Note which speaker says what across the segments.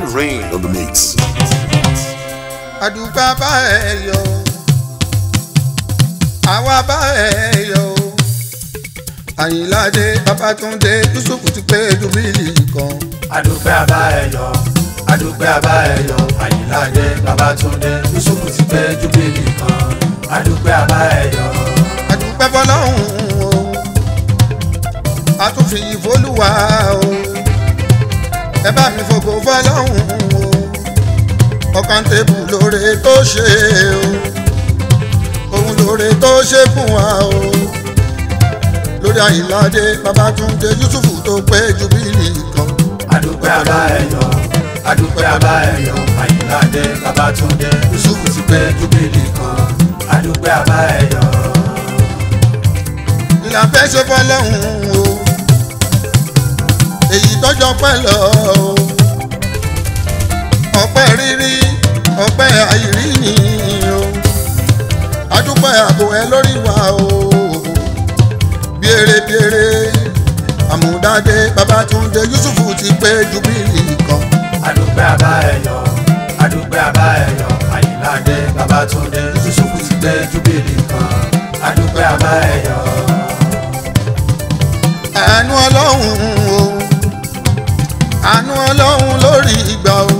Speaker 1: mighty rain on the mix. àdúgbò bá ẹ yọ àwa bá ẹ yọ àyìnládé babatunde yusuf ti pé jubili kan. àdúgbò bá ẹ yọ àdúgbò bá ẹ yọ àyìnládé babatunde yusuf ti pé jubili kan. àdúgbò bá ẹ yọ. àdúgbò bọ́lá òun o a tún fi ìfọ́lùwà o ẹ bá mi fògo fọlọ́hún o ọkàn tèbù lóore tó ṣe o òun lóore tó ṣe fún wa o lórí àyíláde babatunde yusufu tó pé ju bílì kan. àdúpẹ́ àbá ẹ̀yọ́ àdúpẹ́ àbá ẹ̀yọ́ àyíláde babatunde yusufu ti pé ju bílì kan àdúpẹ́ àbá ẹ̀yọ́. ìlànà fẹ́ ṣe fọlọ́hún o tọ́jọ́ pẹ́ lọ o ọpẹ́ rírí ọpẹ́ àìrí ni o adúpẹ́ àbò ẹ lórí wa o Biere biere, bíèrè àmúdáde Babátúndé Yusufu ti pé ju bíi kan. adúpẹ́ àbá ẹ yọ adúpẹ́ àbá ẹ yọ àyìnládé Babátúndé Yusufu ti pé ju ọlọ́run lórí ìgbà o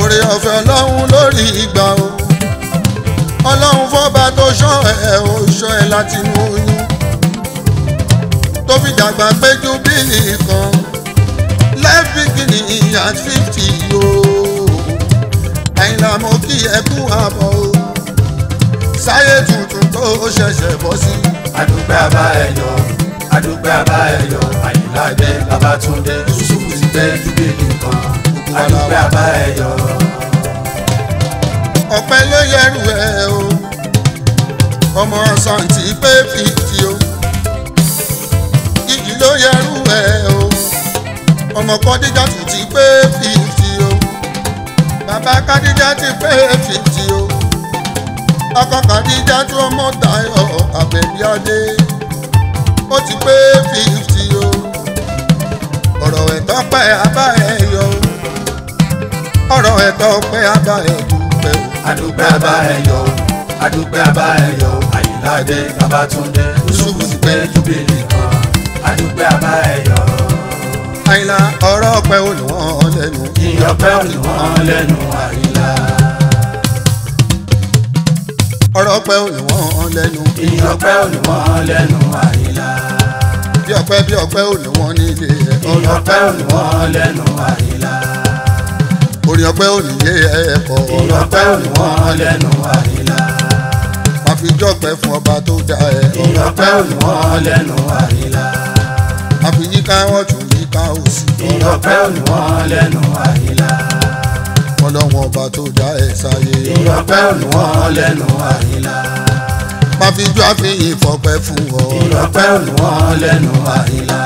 Speaker 1: oore ọ̀fẹ́ ọlọ́run lórí ìgbà o ọlọ́run fọ́ba tó ṣọ́ ẹ̀ ó ṣọ́ ẹ láti inú oyún tó fi dàgbà pé ju bílì kan life beginning at fifty o Àyìnlá mo kí ẹ kú àbọ̀ o sáyé tuntun tó ṣẹ̀ṣẹ̀ bọ́ sí. àdúgbò àbá ẹ̀yọ́ àdúgbò àbá ẹ̀yọ́ Àyìnlá dé Babátúndé bẹ dúbí nìkan alùpẹ́ àbá ẹ yọ. ọpẹ́ ló yẹrù ẹ o ọmọ ọsàn tí pé fìdí o ìjì ló yẹrù ẹ o ọmọ kọ́díjà tún ti pé fìdí o bàbá kádíjà ti pé fìdí o ọkọ kádíjà tún ọmọ Táyọ̀ Àbẹ̀bíadé ó ti pé fìdí ẹ̀tọ́ pẹ́ abá ẹ̀ yọ o ọ̀rọ̀ ẹ̀tọ́ pẹ́ abá ẹ̀ dúpẹ́ o. adúpẹ́ abá ẹ̀ yọ o adúpẹ́ abá ẹ̀ yọ o àyíláde babatunde yusufu ti pẹ́ júbìlì kan adúpẹ́ abá ẹ̀ yọ o. àyìnlá ọ̀rọ̀ ọpẹ́ olùwọ́n lẹ́nu. ìyọpẹ́ olùwọ́n lẹ́nu àyìnlá ọ̀rọ̀ pẹ́ olùwọ́n lẹ́nu. ìyọpẹ́ olùwọ́n lẹ́nu àyìnlá bí ọpẹ́ bí ọpẹ́ ò ní wọ́n nílé ẹ. orin ọpẹ́ ò ní wọ́n lẹ́nu àyílá. orin ọpẹ́ ò ní yé ẹ kọ. orin ọpẹ́ ò ní wọ́n lẹ́nu àyílá. má fi jọpẹ́ fún ọba tó dá ẹ. orin ọpẹ́ ò ní wọ́n lẹ́nu àyílá. má fi yíká wọn tún yíká òsì. orin ọpẹ́ ò ní wọ́n lẹ́nu àyílá. ọlọ́wọ́n ọba tó dá ẹ sáyé. orin ọpẹ́ ò ní wọ́n lẹ́nu àyílá bá fi jó àfihàn ìfọ̀pẹ́ fún ọ. ìyọ̀pẹ́ òun wọn lẹ́nu àìlá.